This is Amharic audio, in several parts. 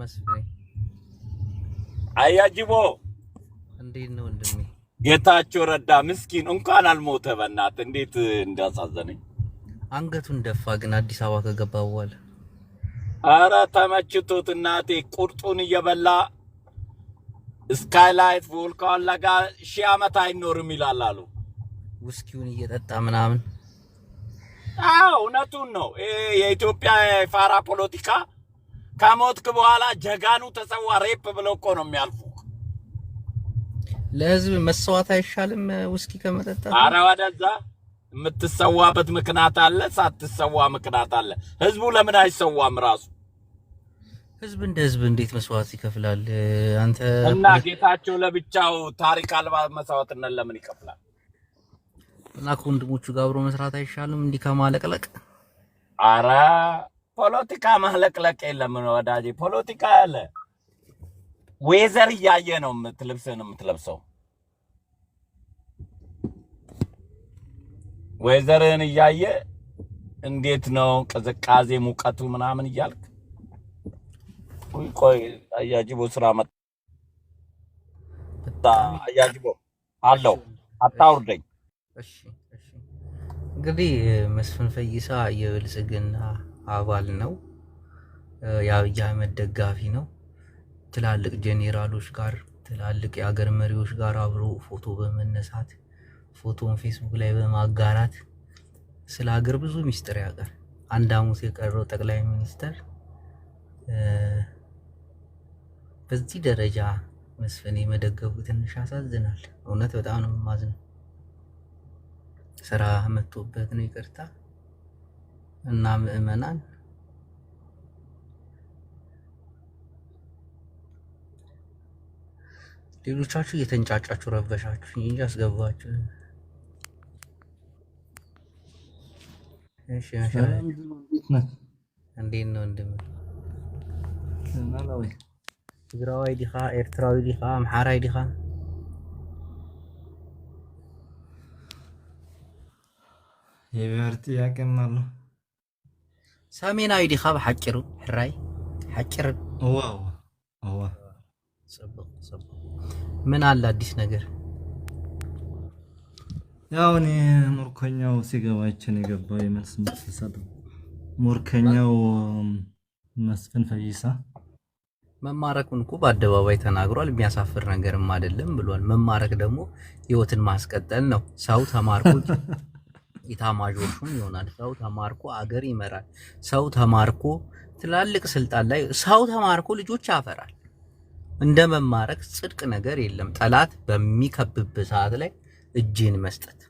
መስፍኔ አያጅቦ እንዴት ነው ወንድሜ? ጌታቸው ረዳ ምስኪን እንኳን አልሞተ። በእናት እንዴት እንዳሳዘነኝ አንገቱን ደፋ። ግን አዲስ አበባ ከገባ በኋላ አረ ተመችቶት እናቴ ቁርጡን እየበላ ስካይላይት ቮልካን ለጋ ሺህ ዓመት አይኖርም ይላል አሉ። ውስኪውን እየጠጣ ምናምን። አዎ እውነቱን ነው። የኢትዮጵያ የፋራ ፖለቲካ ከሞትክ በኋላ ጀጋኑ ተሰዋ ሬፕ ብለው እኮ ነው የሚያልፉ። ለህዝብ መሰዋት አይሻልም? ውስኪ ከመጠጣ አረ ወደዛ የምትሰዋበት ምክንያት አለ፣ ሳትሰዋ ምክንያት አለ። ህዝቡ ለምን አይሰዋም? ራሱ ህዝብ እንደ ህዝብ እንዴት መስዋዕት ይከፍላል? አንተ እና ጌታቸው ለብቻው ታሪክ አልባ መስዋዕትነት ለምን ይከፍላል? እና ከወንድሞቹ ጋር አብሮ መስራት አይሻልም? እንዲህ ከማለቅለቅ አረ ፖለቲካ ማለቅለቅ የለም ወዳጄ። ፖለቲካ ያለ ወይዘር እያየ ነው ልብስህን የምትለብሰው። ዌዘርህን እያየ እንዴት ነው ቅዝቃዜ ሙቀቱ ምናምን እያልክ ቆይ አያጅቦ ስራ መጣ። አያጅቦ አለው አታውርደኝ። እንግዲህ መስፍን ፈይሳ የብልጽግና አባል ነው፣ የአብይ አህመድ ደጋፊ ነው። ትላልቅ ጄኔራሎች ጋር ትላልቅ የአገር መሪዎች ጋር አብሮ ፎቶ በመነሳት ፎቶን ፌስቡክ ላይ በማጋራት ስለ ሀገር ብዙ ሚስጥር ያውቃል። አንድ ሐሙስ የቀረው ጠቅላይ ሚኒስትር በዚህ ደረጃ መስፍን የመደገፉ ትንሽ ያሳዝናል። እውነት በጣም ነው የማዝነው። ስራ መጥቶበት ነው ይቅርታ እና ምእመናን ሌሎቻችሁ እየተንጫጫችሁ ረበሻችሁ እንጂ አስገባችሁ። እንዴት ነው ወንድም? ትግራዋይ ዲኻ? ኤርትራዊ ዲኻ? አምሓራይ ዲኻ? የብሔር ጥያቄም አለው። ሰሜናዊ ዲኻ ብሓቂሩ ሕራይ ሓቂርን ምን አለ አዲስ ነገር? ያው እኔ ሙርከኛው ሲገባችን የገባው የመልስ ምትሰጥ ሙርከኛው መስፍን ፈይሳ መማረኩን እኮ በአደባባይ ተናግሯል። የሚያሳፍር ነገርም አይደለም ብሏል። መማረክ ደግሞ ህይወትን ማስቀጠል ነው። ሰው ተማርኩ ኢታማዦር ሹም ይሆናል። ሰው ተማርኮ አገር ይመራል። ሰው ተማርኮ ትላልቅ ስልጣን ላይ ሰው ተማርኮ ልጆች ያፈራል። እንደ መማረክ ጽድቅ ነገር የለም። ጠላት በሚከብብ ሰዓት ላይ እጅን መስጠት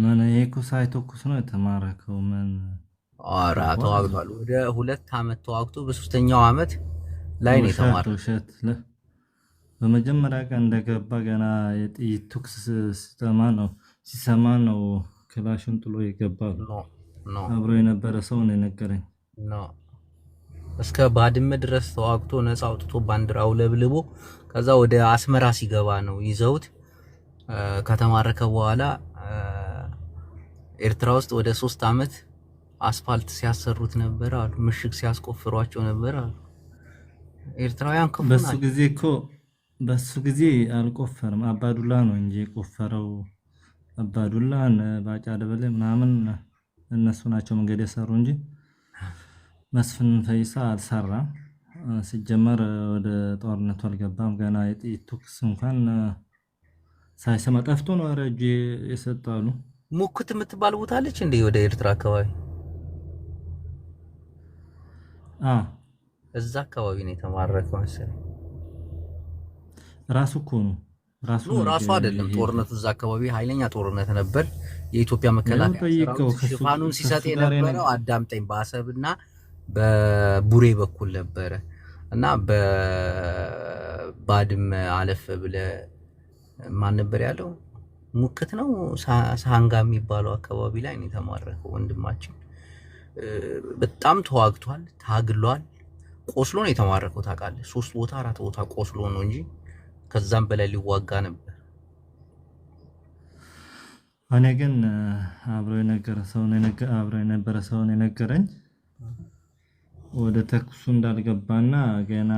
ምን የኩሳ አይተኩስ ነው የተማረከው። ምን ኧረ ተዋግቷል። ወደ ሁለት ዓመት ተዋግቶ በሶስተኛው ዓመት ላይ ነው የተማረው። በመጀመሪያ ቀን እንደገባ ገና የጥይት ተኩስ ሲሰማ ነው ሲሰማ ነው ክላሽን ጥሎ የገባ አብሮ የነበረ ሰው ነው የነገረኝ። እስከ ባድመ ድረስ ተዋግቶ ነፃ አውጥቶ ባንዲራ ለብልቦ ከዛ ወደ አስመራ ሲገባ ነው ይዘውት ከተማረከ በኋላ ኤርትራ ውስጥ ወደ ሶስት አመት አስፋልት ሲያሰሩት ነበር አሉ። ምሽግ ሲያስቆፍሯቸው ነበር አሉ። ኤርትራውያን በሱ ጊዜ እኮ በሱ ጊዜ አልቆፈርም አባዱላ ነው እንጂ የቆፈረው። አባዱላ ባጫ ደበሌ ምናምን እነሱ ናቸው መንገድ የሰሩ እንጂ መስፍን ፈይሳ አልሰራም። ሲጀመር ወደ ጦርነቱ አልገባም። ገና የጥይት ተኩስ እንኳን ሳይሰማ ጠፍቶ ነው። ኧረ የሰጣሉ ሙክት የምትባል ቦታ አለች እንዴ ወደ ኤርትራ አካባቢ እዛ አካባቢ ነው የተማረከው መሰለኝ ራሱ እኮ ነው ራሱ አይደለም ጦርነቱ እዛ አካባቢ ኃይለኛ ጦርነት ነበር። የኢትዮጵያ መከላከያ ሽፋኑን ሲሰጥ የነበረው አዳምጠኝ በአሰብና በቡሬ በኩል ነበረ እና በባድመ አለፍ ብለ ማን ነበር ያለው? ሙክት ነው ሳንጋ የሚባለው አካባቢ ላይ ነው የተማረከው ወንድማችን። በጣም ተዋግቷል፣ ታግሏል። ቆስሎ ነው የተማረከው። ታውቃለህ፣ ሶስት ቦታ አራት ቦታ ቆስሎ ነው እንጂ ከዛም በላይ ሊዋጋ ነበር። እኔ ግን አብሮ የነገረ ሰውን አብሮ የነበረ ሰውን የነገረኝ ወደ ተኩሱ እንዳልገባና ገና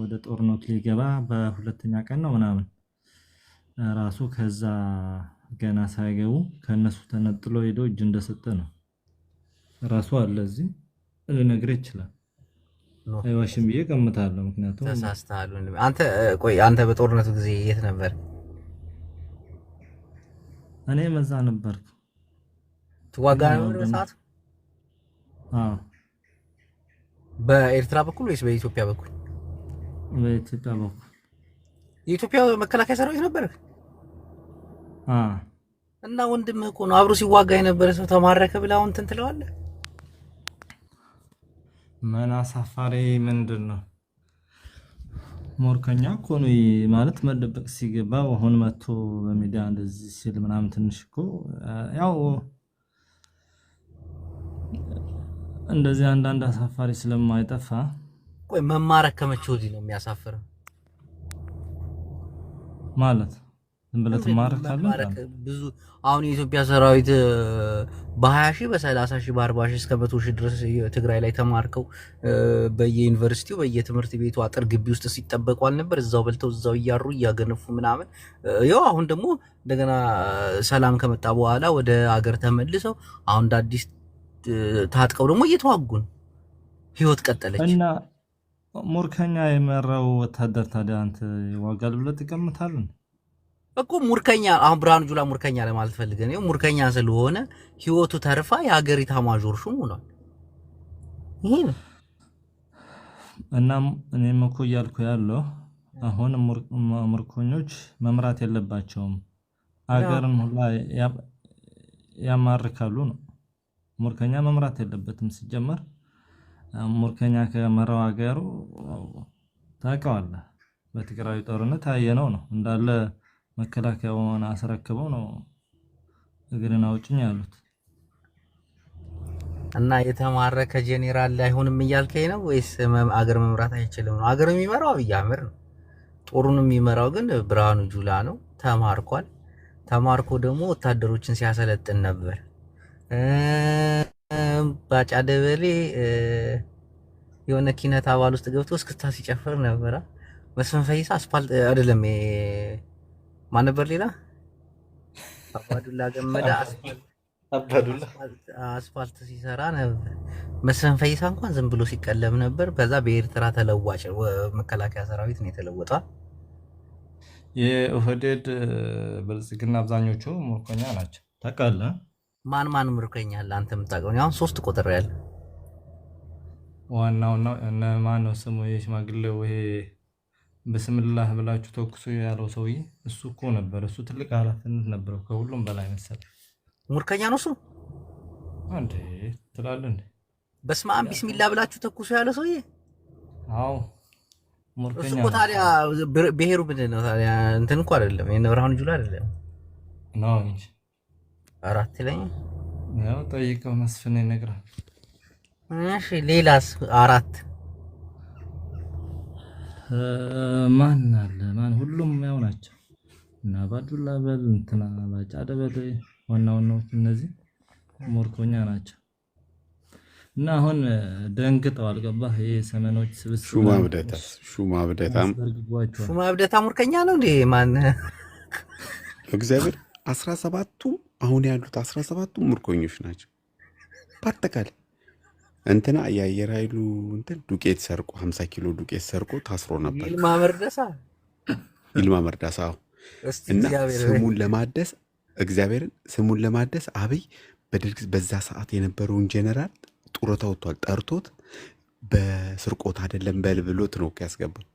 ወደ ጦርነቱ ሊገባ በሁለተኛ ቀን ነው ምናምን ራሱ ከዛ ገና ሳይገቡ ከነሱ ተነጥሎ ሄዶ እጅ እንደሰጠ ነው ራሱ አለ እዚህ ልነግርህ ይችላል። አይዋሽም ብዬ እቀምታለሁ። ምክንያቱም ተሳስተሃል። አንተ ቆይ አንተ በጦርነቱ ጊዜ የት ነበር? እኔ መዛ ነበር። ትዋጋ ነበር በሰዓቱ በኤርትራ በኩል ወይስ በኢትዮጵያ በኩል? በኢትዮጵያ በኩል። የኢትዮጵያ መከላከያ ሰራዊት ነበር እና ወንድምህ እኮ ነው አብሮ ሲዋጋ የነበረ ሰው ተማረከ ብለህ አሁን እንትን ትለዋለህ። ምን አሳፋሪ ምንድን ነው? ሞርከኛ እኮ ነው ማለት መደበቅ ሲገባ አሁን መጥቶ በሚዲያ እንደዚህ ሲል ምናምን ትንሽ እኮ ያው እንደዚህ አንዳንድ አሳፋሪ ስለማይጠፋ ቆይ መማረክ ከመቼ ወዲህ ነው የሚያሳፍረው ማለት ዝም ብለህ ትማረካለህ። ብዙ አሁን የኢትዮጵያ ሰራዊት በ20 ሺህ በ30 ሺህ በ40 ሺህ እስከ መቶ ሺህ ድረስ ትግራይ ላይ ተማርከው በየዩኒቨርሲቲው በየትምህርት ቤቱ አጥር ግቢ ውስጥ ሲጠበቁ አልነበር? እዛው በልተው እዛው እያሩ እያገነፉ ምናምን። ያው አሁን ደግሞ እንደገና ሰላም ከመጣ በኋላ ወደ አገር ተመልሰው አሁን እንደ አዲስ ታጥቀው ደግሞ እየተዋጉን ህይወት ቀጠለች እና ሙርከኛ የመራው ወታደር ታዲያ አንተ ይዋጋል ብለህ ትቀምጣለህ? እኮ ሙርከኛ አሁን ብርሃኑ ጁላ ሙርከኛ ለማለት ፈልገ ነው። ሙርከኛ ስለሆነ ህይወቱ ተርፋ የሀገሪ ታማዦር ሹም ሆኗል። ይሄ ነው። እናም እኔም እኮ እያልኩ ያለው አሁን ምርኮኞች መምራት የለባቸውም አገርን ሁላ ያማርካሉ ነው። ሙርከኛ መምራት የለበትም ሲጀመር። ሙርከኛ ከመራው ሀገሩ ታውቀዋለህ። በትግራዊ ጦርነት አየነው ነው እንዳለ መከላከያ አስረክበው ነው እግርን አውጭኝ ያሉት። እና የተማረከ ጄኔራል አይሆንም እያልከኝ ነው ወይስ አገር መምራት አይችልም ነው? አገር የሚመራው አብይ አህመድ ነው። ጦሩን የሚመራው ግን ብርሃኑ ጁላ ነው። ተማርኳል። ተማርኮ ደግሞ ወታደሮችን ሲያሰለጥን ነበር። ባጫ ደበሌ የሆነ ኪነት አባል ውስጥ ገብቶ እስክታ ሲጨፍር ነበረ። መስፍን ፈይሳ አስፋልት አይደለም ማን ነበር ሌላ? አባዱላ ገመዳ አስፋልት ሲሰራ መስፍን ፈይሳ እንኳን ዝም ብሎ ሲቀለም ነበር። በዛ በኤርትራ ተለዋጭ መከላከያ ሰራዊት ነው የተለወጧል። የኦህዴድ ብልጽግና አብዛኞቹ ምርኮኛ ናቸው። ታውቃለህ? ማን ማን ምርኮኛ አለ? አንተ የምታውቀው? አሁን ሶስት ቁጥር ያለ ዋናው ማን ነው ስሙ? የሽማግሌው ይሄ በስምላህ ብላችሁ ተኩሶ ያለው ሰውዬ እሱ እኮ ነበር። እሱ ትልቅ ኃላፊነት ነበረው ከሁሉም በላይ መሰለህ። ሙርከኛ ነው እሱ እንዴ ትላለህ እንዴ? በስመ አብ ቢስሚላህ ብላችሁ ተኩሶ ያለው ሰውዬ። አዎ ሙርከኛ እኮ። ታዲያ ብሔሩ ምንድን ነው ታዲያ? እንትን እኮ አይደለም የእነ ብርሃኑ ጁላ አይደለም ነው እንጂ አራት ላይ ያው ጠይቀው መስፍን ይነግራል። እሺ ሌላስ አራት ማን አለ ማን ሁሉም ያው ናቸው። እና በል እንትና ዋና ዋናዎች እነዚህ ሞርኮኛ ናቸው። እና አሁን ደንግጠዋል። ይሄ ሰመኖች ስብስብ ሹማ ብደታ ሹማ ሹማ ብደታ ነው እንዴ? ማን እግዚአብሔር አስራ ሰባቱ አሁን ያሉት አስራ ሰባቱ ናቸው በአጠቃላይ እንትና የአየር ኃይሉ እንትን ዱቄት ሰርቆ ሀምሳ ኪሎ ዱቄት ሰርቆ ታስሮ ነበር። ይልማ መርዳሳ ይልማ መርዳሳ እና ስሙን ለማደስ እግዚአብሔርን ስሙን ለማደስ አብይ በድርግ በዛ ሰዓት የነበረውን ጀነራል ጡረታ ወጥቷል ጠርቶት በስርቆት አይደለም በልብሎት ነው ያስገባው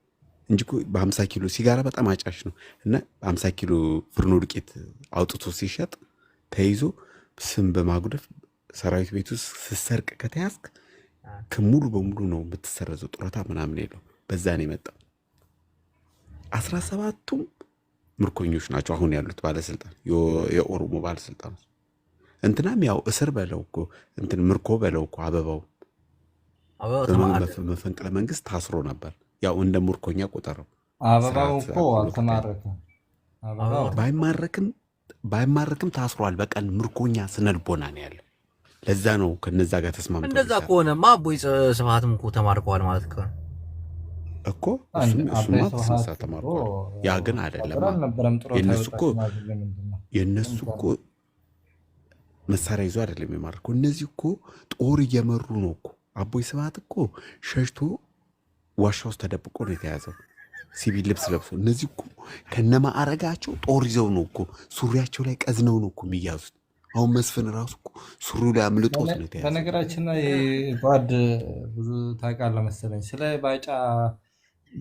እንጂ በሀምሳ ኪሎ ሲጋራ በጣም አጫሽ ነው እና በሀምሳ ኪሎ ፍርኖ ዱቄት አውጥቶ ሲሸጥ ተይዞ ስም በማጉደፍ ሰራዊት ቤት ውስጥ ስሰርቅ ከተያዝክ ከሙሉ በሙሉ ነው የምትሰረዘው። ጡረታ ምናምን የለው። በዛ ነው የመጣው። አስራ ሰባቱም ምርኮኞች ናቸው አሁን ያሉት ባለስልጣን የኦሮሞ ባለስልጣኖች። እንትናም ያው እስር በለው እኮ እንትን ምርኮ በለው እኮ አበባው በመፈንቅለ መንግስት ታስሮ ነበር። ያው እንደ ምርኮኛ ቆጠረው። አበባው እኮ አልተማረክም። ባይማረክም ታስሯል። በቀን ምርኮኛ ስነልቦና ነው ያለ ለዛ ነው ከነዛ ጋር ተስማምቶ። እንደዛ ከሆነማ አቦይ ስብሐትም እኮ ተማርከዋል ማለት ከሆነ እኮ እሱማ ተስነሳ ተማርኮ። ያ ግን አይደለም። የነሱ እኮ የነሱ እኮ መሳሪያ ይዞ አይደለም የማርከው። እነዚህ እኮ ጦር እየመሩ ነው እኮ። አቦይ ስብሐት እኮ ሸሽቶ ዋሻ ውስጥ ተደብቆ ነው የተያዘው፣ ሲቪል ልብስ ለብሶ። እነዚህ እኮ ከነማዕረጋቸው ጦር ይዘው ነው እኮ ሱሪያቸው ላይ ቀዝነው ነው እኮ የሚያዙት። አሁን መስፍን ራሱ ሱሩ ላይ አምልጦት ነው። በነገራችን ላይ ባድ ብዙ ታውቃለህ መሰለኝ ስለ ባጫ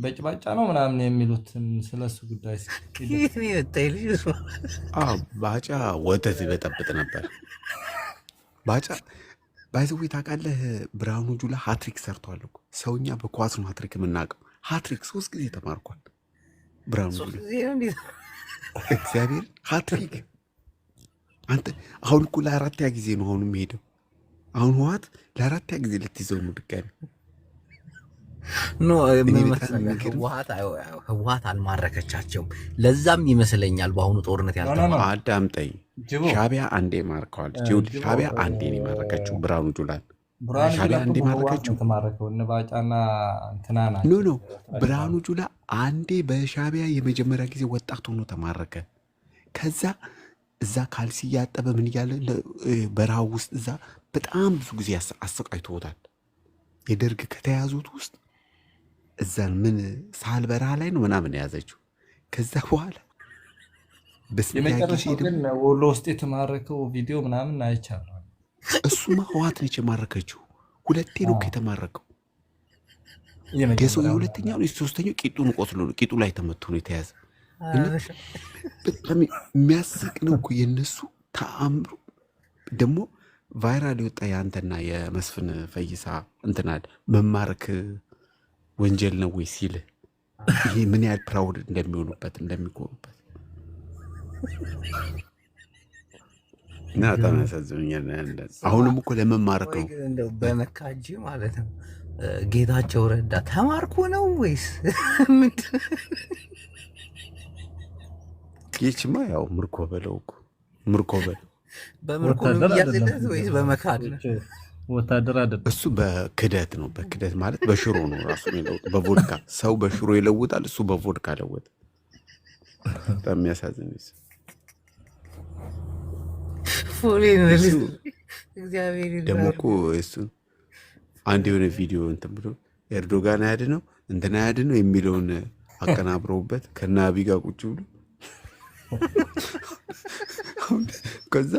በጭባጫ ነው ምናምን የሚሉትን ስለሱ ጉዳይ ባጫ ወተት ይበጠብጥ ነበር። ባጫ ባይዘዌ ታውቃለህ፣ ብርሃኑ ጁላ ሀትሪክ ሰርቷል ሰውኛ በኳስ ነው ሀትሪክ የምናውቀው። ሀትሪክ ሶስት ጊዜ ተማርኳል ብርሃኑ ጁላ እግዚአብሔር ሀትሪክ አንተ አሁን እኮ ለአራተኛ ጊዜ ነው አሁን የሚሄደው። አሁን ህወሓት ለአራተኛ ጊዜ ልትይዘው ነው ድጋሚ። ህወሓት አልማረከቻቸውም። ለዛም ይመስለኛል በአሁኑ ጦርነት ያለ አዳምጠኝ። ሻቢያ አንዴ ማርከዋል። ሻቢያ አንዴ ነው የማረከችው ብርሃኑ ጁላን ኖ ኖ ብርሃኑ ጁላ አንዴ በሻቢያ የመጀመሪያ ጊዜ ወጣት ሆኖ ተማረከ። ከዛ እዛ ካልሲ እያጠበ ምን እያለ በረሃ ውስጥ እዛ በጣም ብዙ ጊዜ አሰቃይቶታል። የደርግ ከተያዙት ውስጥ እዛን ምን ሳል በረሃ ላይ ነው ምናምን የያዘችው። ከዛ በኋላ በስንያጊዜ ወሎ ውስጥ የተማረከው ቪዲዮ ምናምን አይቻለሁ። እሱማ ህዋት ነች የማረከችው። ሁለቴ ነው የተማረከው። የሰው የሁለተኛ ሶስተኛው ቂጡን ቆስሎ ቂጡ ላይ ተመቶ ነው የተያዘ በጣም የሚያስቅ ነው እኮ የእነሱ ተአምሮ። ደግሞ ቫይራል የወጣ የአንተና የመስፍን ፈይሳ እንትናል መማርክ ወንጀል ነው ወይ ሲል ይሄ ምን ያህል ፕራውድ እንደሚሆኑበት እንደሚኮኑበት እና በጣም ያሳዝኑኛል። አሁንም እኮ ለመማረክ ነው በመካጂ ማለት ነው። ጌታቸው ረዳ ተማርኮ ነው ወይስ ምንድን ይችማ ያው ምርኮ በለው ምርኮ በለው። በምርኮ ወይስ በመካድ ወታደር አይደለም እሱ። በክደት ነው። በክደት ማለት በሽሮ ነው ራሱ የሚለውጥ በቮድካ ሰው በሽሮ ይለውጣል፣ እሱ በቮድካ ለወጠ። በጣም የሚያሳዝን ደግሞ እኮ እሱን አንድ የሆነ ቪዲዮ እንትን ብሎ ኤርዶጋን አያድነው እንትን አያድነው የሚለውን አቀናብረውበት ከነ አብይ ጋር ቁጭ ብሎ ከዛ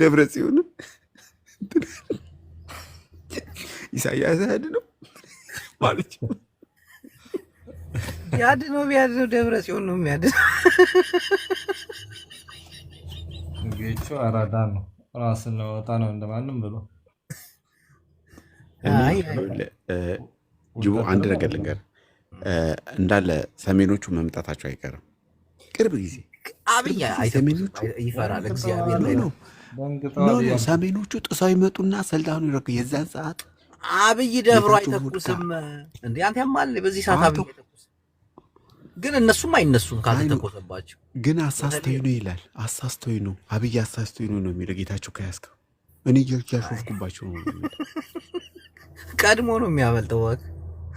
ደብረ ጽዮን ኢሳያስ ያድነው ማለት ያድነው ቢያድነው ደብረ ጽዮን ነው የሚያድነው። ጌቹ አራዳ ነው፣ ራስን ለወጣ ነው እንደማንም ብሎ ጅቦ አንድ ነገር ልንገር፣ እንዳለ ሰሜኖቹ መምጣታቸው አይቀርም ቅርብ ጊዜ አብይ ሰሜኖቹ ይፈራል እግዚአብሔር ጥሰው ይመጡና ስልጣኑ ይረክ የዛን ሰዓት አብይ ደብሮ አይተኩስም። እንዲ አንተ ያማል በዚህ ሰዓት አብይ ግን እነሱም አይነሱም ካልተኮሰባቸው ግን አሳስተኝ ነው ይላል። አሳስተኝ ነው አብይ አሳስተኝ ነው ነው የሚለው ጌታቸው ከያዝከው እኔ እያሾፍኩባቸው ነው ቀድሞ ነው የሚያበልጠው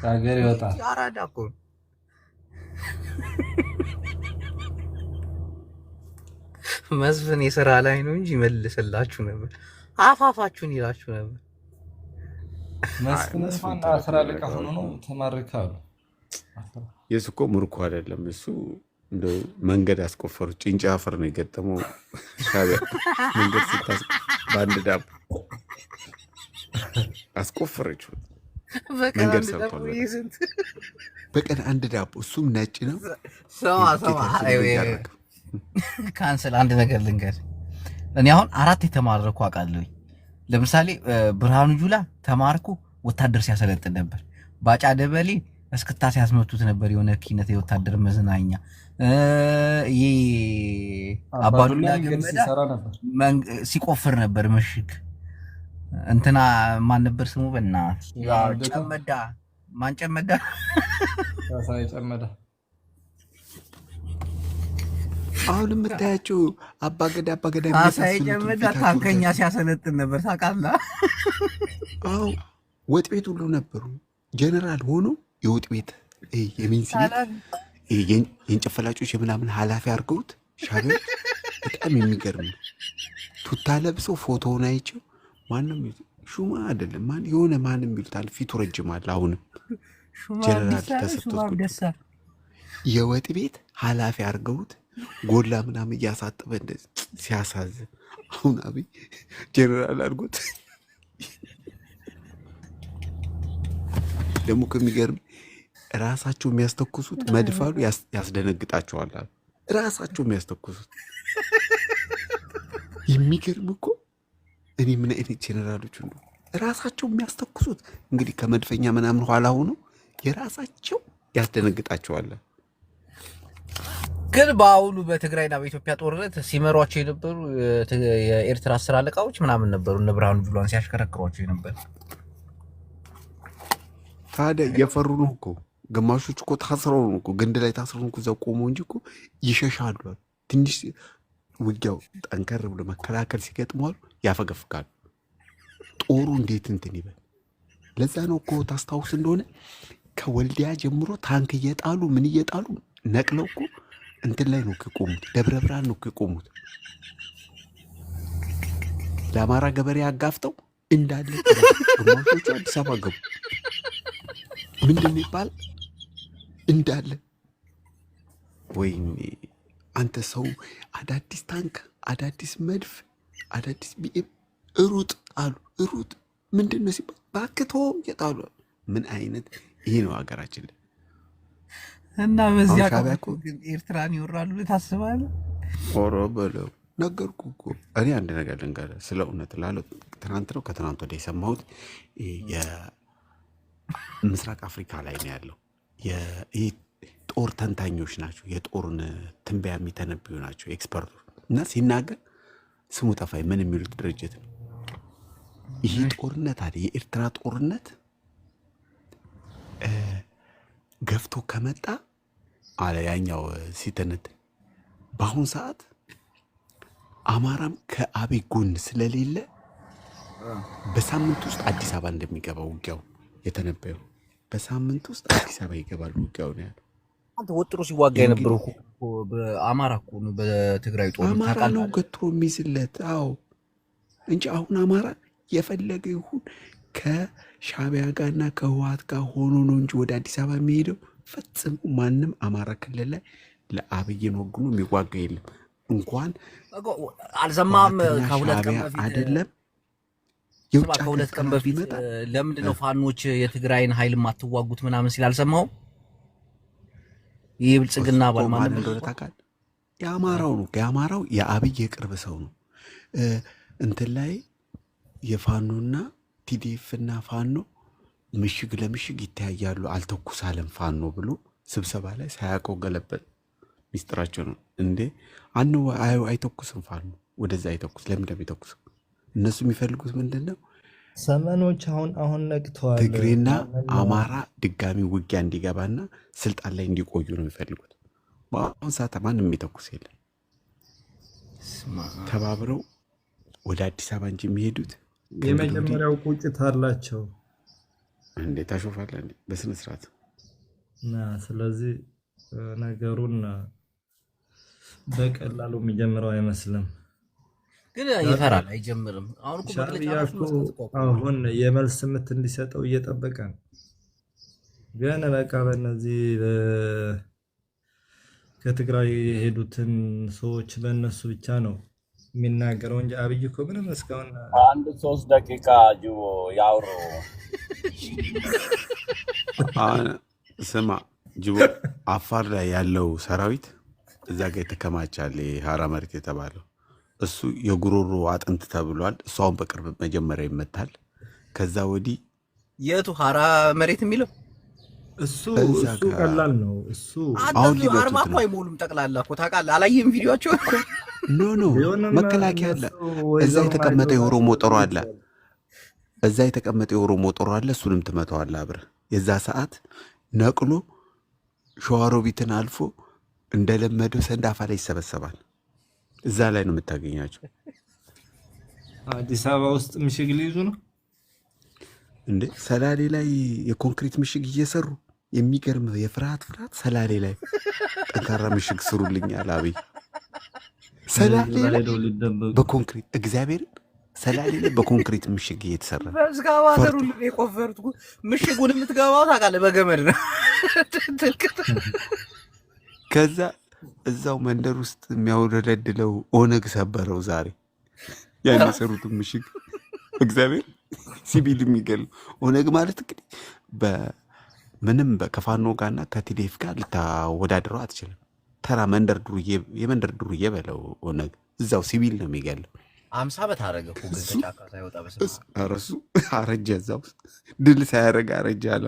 ሀገር ይወጣል አራዳ እኮ መስፍን የስራ ላይ ነው እንጂ ይመልስላችሁ ነበር፣ አፋፋችሁን ይላችሁ ነበር። መስፍን አስር አለቃ ሆኖ ነው ተማረከ የሱ እኮ ምርኮ አይደለም እሱ መንገድ ያስቆፈሩ ጭንጫ አፈር ነው የገጠመው። ሻቢያ መንገድ ስታስ በአንድ ዳቦ አስቆፈረችው መንገድ ሰርቷል። በቀን አንድ ዳቦ እሱም ነጭ ነው። ካንስል አንድ ነገር ልንገር፣ እኔ አሁን አራት የተማረኩ አውቃለሁኝ። ለምሳሌ ብርሃኑ ጁላ ተማርኩ ወታደር ሲያሰለጥን ነበር። ባጫ ደበሌ እስክታ ሲያስመቱት ነበር። የሆነ ኪነት የወታደር መዝናኛ ይህ አባዱላ ገመዳ ሲቆፍር ነበር ምሽግ እንትና ማን ነበር ስሙ? በና ጨመዳ ማን ጨመዳ? አሁን የምታያችው አባገዳ አባገዳ ሳይጨምዳ ታከኛ ሲያሰለጥን ነበር ታውቃለህ። አዎ ወጥ ቤት ሁሉ ነበሩ። ጀነራል ሆኖ የወጥ ቤት የሚንስ የእንጨፈላጮች የምናምን ኃላፊ አድርገውት ሻለ። በጣም የሚገርም ነው። ቱታ ለብሶ ፎቶውን አይቼው ማንም ሹማ አይደለም ማን የሆነ ማንም ይሉታል። ፊቱ ረጅማል። አሁንም ጀነራል ተሰጥቶት የወጥ ቤት ኃላፊ አድርገውት ጎላ ምናምን እያሳጠበ እንደዚህ ሲያሳዝን፣ አሁን አብይ ጀኔራል አድርጎት ደግሞ ከሚገርም ራሳቸው የሚያስተኩሱት መድፋሉ ያስደነግጣቸዋል። ራሳቸው የሚያስተኩሱት የሚገርም እኮ እኔ ምን አይነት ጀኔራሎች ነው ራሳቸው የሚያስተኩሱት። እንግዲህ ከመድፈኛ ምናምን ኋላ ሆነው የራሳቸው ያስደነግጣቸዋለን። ግን በአሁኑ በትግራይና በኢትዮጵያ ጦርነት ሲመሯቸው የነበሩ የኤርትራ ስራ አለቃዎች ምናምን ነበሩ። እነ ብርሃኑ ጁላን ሲያሽከረክሯቸው የነበር ታዲያ እየፈሩ ነው እኮ ግማሾች እኮ ታስረው ነው እኮ ግንድ ላይ ታስረው ነው እዛ ቆሞ እንጂ እኮ ይሸሻሉ። ትንሽ ውጊያው ጠንከር ብሎ መከላከል ሲገጥመዋሉ ያፈገፍጋሉ። ጦሩ እንዴት እንትን ይበል። ለዛ ነው እኮ ታስታውስ እንደሆነ ከወልዲያ ጀምሮ ታንክ እየጣሉ ምን እየጣሉ ነቅለው እኮ እንትን ላይ ነው የቆሙት፣ ደብረ ብርሃን ነው የቆሙት። ለአማራ ገበሬ አጋፍተው እንዳለ ግማሾቹ አዲስ አበባ ገቡ። ምንድን ይባል እንዳለ ወይኔ አንተ ሰው አዳዲስ ታንክ፣ አዳዲስ መድፍ፣ አዳዲስ ቢኤም ሩጥ አሉ። ሩጥ ምንድን ነው ሲባል ባክቶ የጣሉ ምን አይነት ይሄ ነው ሀገራችን ላይ እና በዚያ ግን ኤርትራን ይወራሉ ታስባለ ኦሮ በለው ነገርኩ እኮ እኔ አንድ ነገር ልንገር ስለ እውነት ላለው ትናንት ነው ከትናንት ወደ የሰማሁት የምስራቅ አፍሪካ ላይ ነው ያለው። ጦር ተንታኞች ናቸው፣ የጦርን ትንበያ የሚተነብዩ ናቸው ኤክስፐርቶች። እና ሲናገር ስሙ ጠፋኝ፣ ምን የሚሉት ድርጅት ነው ይህ ጦርነት አለ የኤርትራ ጦርነት ገፍቶ ከመጣ አለ ያኛው ሲተነት በአሁን ሰዓት አማራም ከአብይ ጎን ስለሌለ በሳምንት ውስጥ አዲስ አበባ እንደሚገባ ውጊያው የተነበየው በሳምንት ውስጥ አዲስ አበባ ይገባሉ። ውጊያው ነው ያለው። አንተ ወጥሮ ሲዋጋ የነበረ አማራ እኮ ነው፣ በትግራይ ጦር አማራ ነው ገትሮ የሚይዝለት። አዎ እንጂ አሁን አማራ የፈለገ ይሁን ከሻቢያ ጋርና ከህወሓት ጋር ሆኖ ነው እንጂ ወደ አዲስ አበባ የሚሄደው ፈጽሞ ማንም አማራ ክልል ላይ ለአብይን ወግኖ የሚዋጋ የለም። እንኳን አልዘማም ከሁለት ቀን በፊት አይደለም ከሁለት ቀን በፊት ለምንድን ነው ፋኖች የትግራይን ኃይል ማትዋጉት ምናምን ሲል አልሰማሁም። ይህ ብልጽግና ባልማለት የአማራው ነው የአማራው የአብይ የቅርብ ሰው ነው እንትን ላይ የፋኖና ቲዲኤፍ እና ፋኖ ምሽግ ለምሽግ ይተያያሉ። አልተኩስ ፋኖ ብሎ ስብሰባ ላይ ሳያውቀው ገለበጥ ሚስጥራቸው ነው እንዴ? አን አይተኩስም ፋኖ ወደዛ አይተኩስ። ለምን እንደሚተኩስ እነሱ የሚፈልጉት ምንድን ነው? ሰመኖች አሁን አሁን ነቅተዋል። ትግሬና አማራ ድጋሚ ውጊያ እንዲገባና ስልጣን ላይ እንዲቆዩ ነው የሚፈልጉት። በአሁን ሰዓት ማንም የሚተኩስ የለም። ተባብረው ወደ አዲስ አበባ እንጂ የሚሄዱት የመጀመሪያው ቁጭት አላቸው። እንዴት ታሾፋለ? በስነ ስርዓት። ስለዚህ ነገሩን በቀላሉ የሚጀምረው አይመስልም፣ ግን ይፈራል፣ አይጀምርም። አሁን የመልስ ምት እንዲሰጠው እየጠበቀ ነው። ግን በቃ በእነዚህ ከትግራይ የሄዱትን ሰዎች በእነሱ ብቻ ነው የሚናገረው እንጂ አብይ እኮ ምንም እስካሁን አንድ ሶስት ደቂቃ ጅቦ ያውሩ። ስማ ጅቦ፣ አፋር ላይ ያለው ሰራዊት እዛ ጋ የተከማቻል ሀራ መሬት የተባለው እሱ የጉሮሮ አጥንት ተብሏል። እሷውን በቅርብ መጀመሪያ ይመታል። ከዛ ወዲህ የቱ ሀራ መሬት የሚለው እሱ እሱ ቀላል ነው። እሱ አሁን አርማ እኮ አይሞሉም። ጠቅላላ እኮ ታውቃለህ። አላየህም ቪዲዮቸው ኖ ኖ መከላከያ አለ። እዛ የተቀመጠ የኦሮሞ ጦር አለ። እዛ የተቀመጠ የኦሮሞ ጦር አለ። እሱንም አብረህ። የዛ ሰዓት ነቅሎ ሸዋሮቢትን አልፎ እንደለመደው ሰንዳፋ ላይ ይሰበሰባል። እዛ ላይ ነው የምታገኛቸው። አዲስ አበባ ውስጥ ምሽግ ሊይዙ ነው እንዴ? ሰላሌ ላይ የኮንክሪት ምሽግ እየሰሩ የሚገርም ነው። የፍርሃት ፍርሃት ሰላሌ ላይ ጠንካራ ምሽግ ስሩልኛል። አብይ ሰላሌ በኮንክሪት እግዚአብሔርን ሰላሌ ላይ በኮንክሪት ምሽግ እየተሰራ እስካባተሩል የቆፈሩት ምሽጉን የምትገባው ታውቃለህ፣ በገመድ ነው። ከዛ እዛው መንደር ውስጥ የሚያውረደድለው ኦነግ ሰበረው ዛሬ ያ የሚሰሩትን ምሽግ እግዚአብሔር ሲቪል የሚገል ኦነግ ማለት እንግዲህ ምንም ከፋኖ ጋርና ከቲዴፍ ጋር ልታወዳድረው አትችልም። ተራ መንደር ዱርዬ የመንደር ዱርዬ በለው ነግ እዛው ሲቪል ነው የሚገለው። አምሳ በት እሱ አረጀ እዛው ድል ሳያደረግ አረጀ አለ።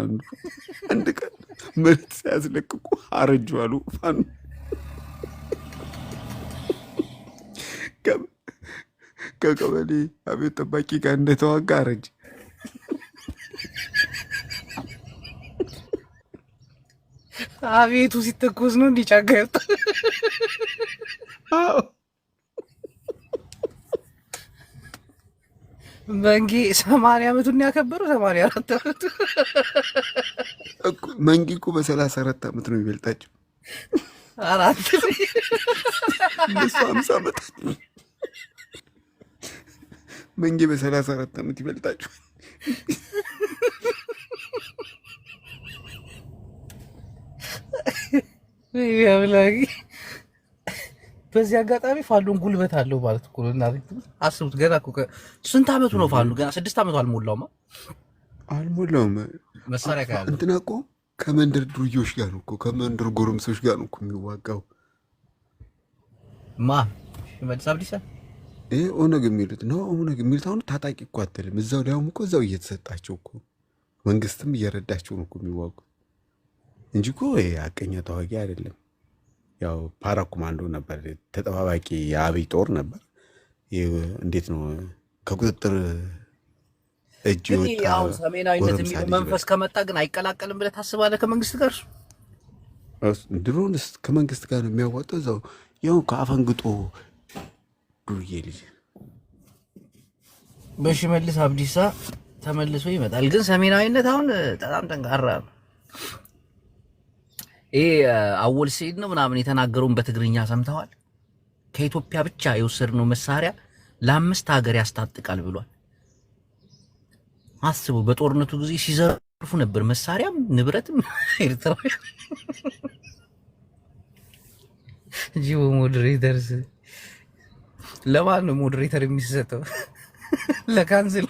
አንድ ቀን መሬት ሳያስለቅቁ አረጁ አሉ ፋኖ ከቀበሌ አቤት ጠባቂ ጋር እንደተዋጋ አረጀ። አቤቱ ሲተኮስ ነው እንዲጫገጥ መንጌ ሰማንያ አመቱን ያከበሩ ሰማንያ አራት አመቱ መንጌ እኮ በሰላሳ አራት አመት ነው የሚበልጣቸው። አራት እሱ ሀምሳ አመት መንጌ በሰላሳ አራት አመት ይበልጣቸዋል። በዚህ አጋጣሚ ፋሉን ጉልበት አለው ማለት እኮ ነው። አስቡት፣ ገና ስንት አመቱ ነው ፋሉ? ገና ስድስት አመቱ አልሞላውም። አልሞላውም መሳሪያ እንትና እኮ ከመንደር ጋር ነው እኮ ከመንደር ጎረምሶች ጋር ነው እኮ የሚዋጋው። ማ ሽመልስ አብዲሳ ኦነግ የሚሉት ነው። ኦነግ የሚሉት አሁን ታጣቂ እኮ አትልም። እዛው ሊያውም እኮ እዛው እየተሰጣቸው እኮ መንግስትም እየረዳቸው ነው እኮ የሚዋጉት እንጂ እኮ አቀኛ ተዋጊ አይደለም። ያው ፓራ ኮማንዶ ነበር፣ ተጠባባቂ የአብይ ጦር ነበር። እንዴት ነው ከቁጥጥር እጅ ሰሜናዊነት መንፈስ ከመጣ ግን አይቀላቀልም ብለህ ታስባለህ? ከመንግስት ጋር ድሮንስ ከመንግስት ጋር ነው የሚያዋጣው። እዛው ያው ከአፈንግጦ ዱርዬ ልጅ በሽመልስ አብዲሳ ተመልሶ ይመጣል። ግን ሰሜናዊነት አሁን በጣም ጠንካራ ነው። ይሄ አወል ሰይድ ነው ምናምን የተናገረውን በትግርኛ ሰምተዋል። ከኢትዮጵያ ብቻ የወሰድነው መሳሪያ ለአምስት ሀገር ያስታጥቃል ብሏል። አስቡ። በጦርነቱ ጊዜ ሲዘርፉ ነበር መሳሪያም ንብረትም። ኤርትራ ጂቦ ሞዴሬተርስ ለማን ነው ሞዴሬተር የሚሰጠው? ለካንስል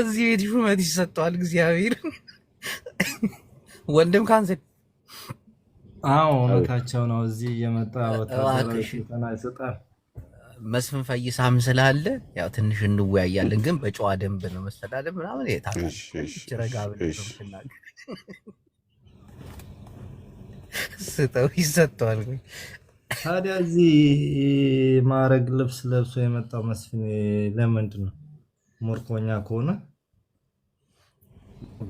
እዚህ ቤት ሹመት ይሰጠዋል እግዚአብሔር ወንድም ካንስል አዎ እውነታቸው ነው። እዚህ እየመጣ ወታደራዊ መስፍን ፈይሳም ስላለ ያው ትንሽ እንወያያለን፣ ግን በጨዋ ደንብ ነው መስተዳደብ ምናምን ታረጋ ስጠው ይሰጠዋል። ታዲያ እዚህ ማዕረግ ልብስ ለብሶ የመጣው መስፍን ለምንድን ነው? ምርኮኛ ከሆነ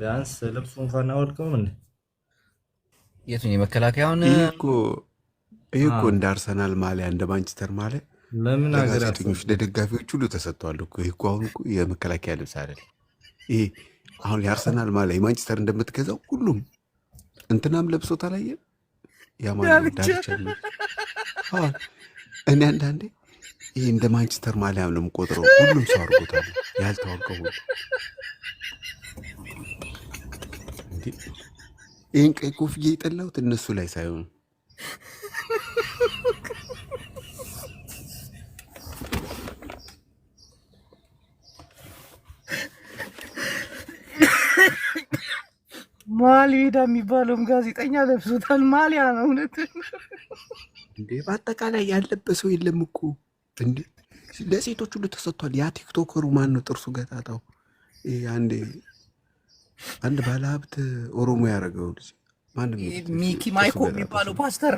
ቢያንስ ልብሱ እንኳን አወልቀውም እ የቱ የመከላከያውን ይህ እኮ እንደ አርሰናል ማሊያ እንደ ማንቸስተር ማሊያ ለምን ጋዜጠኞች ለደጋፊዎች ሁሉ ተሰጥቷል እኮ። ይህ እኮ አሁን የመከላከያ ልብስ አይደል ይሄ። አሁን የአርሰናል ማሊያ የማንቸስተር እንደምትገዛው ሁሉም እንትናም ለብሶ ታላየ ያማዳቻ እኔ አንዳንዴ ይህ እንደ ማንቸስተር ማሊያም ነው የምቆጥረው። ሁሉም ሰው አድርጎታል ያልተዋልቀው ሁሉ ይህን ቀይ ኮፍዬ የጠላሁት እነሱ ላይ ሳይሆን ማልሄዳ የሚባለውም ጋዜጠኛ ለብሶታል። ማሊያ ነው እውነት እንዴ? በአጠቃላይ ያለበሰው የለም እኮ እንዴ! ለሴቶች ሁሉ ተሰጥቷል። ያ ቲክቶከሩ ማን ነው? ጥርሱ ገታታው አንዴ አንድ ባለሀብት ኦሮሞ ያደረገው ልጅ ሚኪ ማይኮ የሚባለው ፓስተር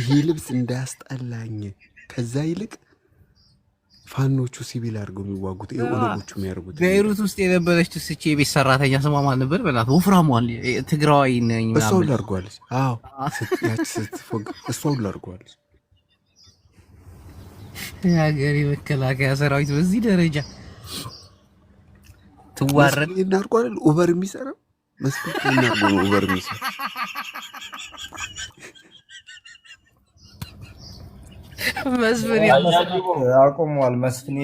ይሄ ልብስ እንዳያስጠላኝ ከዛ ይልቅ ፋኖቹ ሲቪል አድርገው የሚዋጉት ኦነጎቹ የሚያደርጉት ቤይሩት ውስጥ የነበረች ትስች የቤት ሰራተኛ ስሟ ማን ነበር? በእናትህ ወፍራሟል፣ ትግራዋይ ነኝ። እሷ ሁሉ አድርገዋለች። አዎ ያች ስትፎግ እሷ ሁሉ አድርገዋለች። የሀገሬ መከላከያ ሰራዊት በዚህ ደረጃ ትዋረድ እናርጎ አይደል ኡበር እናርጎ ነው ኡበር መስፍኔ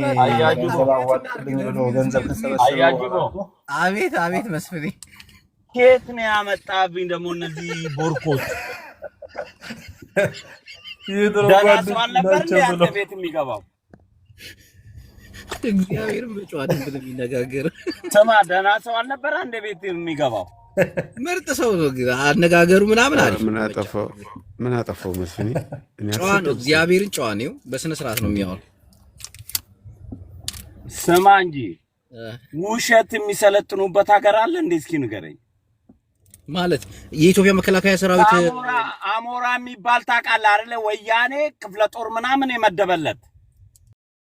ገንዘብ አቤት አቤት፣ መስፍኔ ኬት ነው ያመጣብኝ ደግሞ እነዚህ ቦርኮች ደህና ሰው እንደ አንተ ቤት የሚገባው እግዚአብሔር በጨዋታ ብለ የሚነጋገር ስማ፣ ደህና ሰው አልነበረ እንደ ቤት የሚገባው ምርጥ ሰው ነው። አነጋገሩ ምናምን አሪፍ። ምን አጠፋው? ምን አጠፋው? መስፍኔ ጨዋ ነው። እግዚአብሔርን ጨዋ ነው። በስነ ስርዓት ነው የሚያወራው። ስማ እንጂ ውሸት የሚሰለጥኑበት ሀገር አለ እንዴ? እስኪ ንገረኝ። ማለት የኢትዮጵያ መከላከያ ሰራዊት አሞራ የሚባል ታውቃለህ አይደለ? ወያኔ ክፍለ ጦር ምናምን የመደበለት